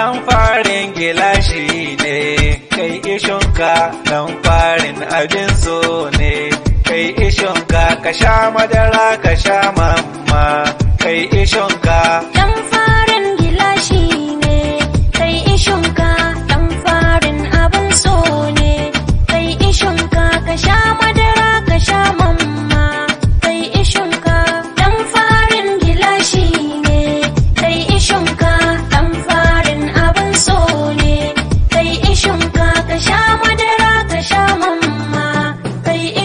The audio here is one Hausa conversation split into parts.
dan farin gilashi ne kai ishinka dan farin abin so ne kai ishinka ka sha madara ka sha mamma kai ishon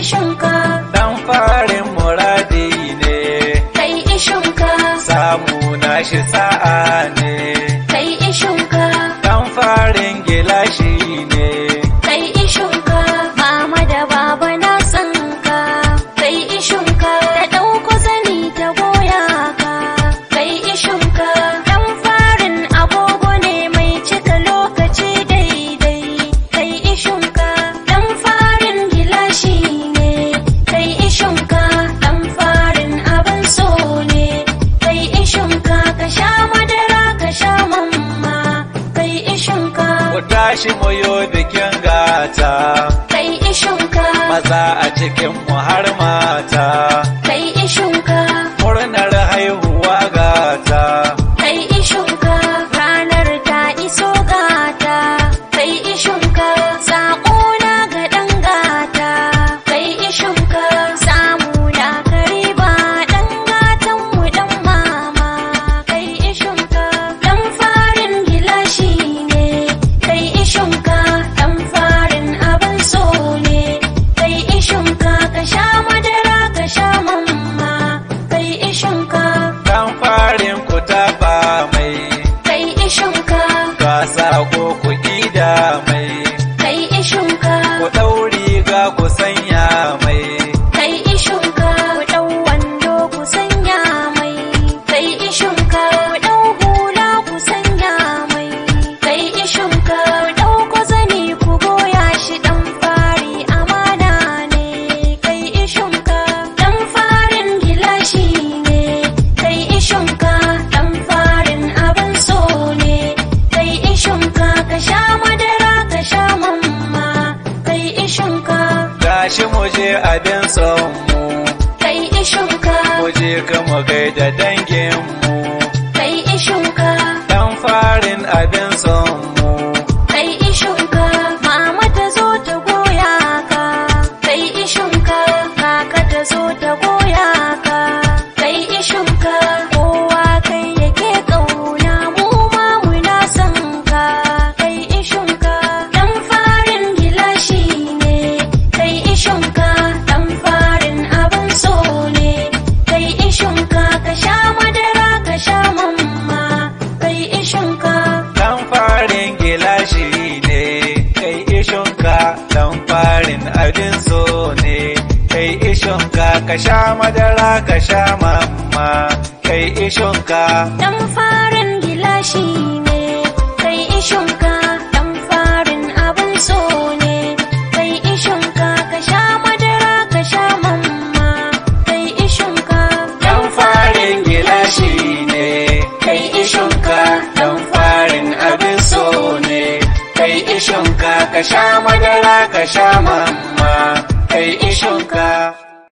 ishinka dan farin muradi ne kai ishinka samu na shi tashi muyo bikin gata. Kai ishinka. Maza a cikin mu har mata. Kai ishinka. Murnar sha madara ka sha mamma kai ishinka dan farin ku taba mai kai ishinka gasa ko ku ida mai kai ishinka ku dauri ga ku san ci muje abin mu. Kai ishuka. Muje gama gaida danginmu. Kai Dan farin abin gilashi ne kai ka dan farin abin so ne kai ishinka ka sha madara ka sha mamma kai ka dan farin gilashi ne ka sha madara ka sha mama kai ishinka.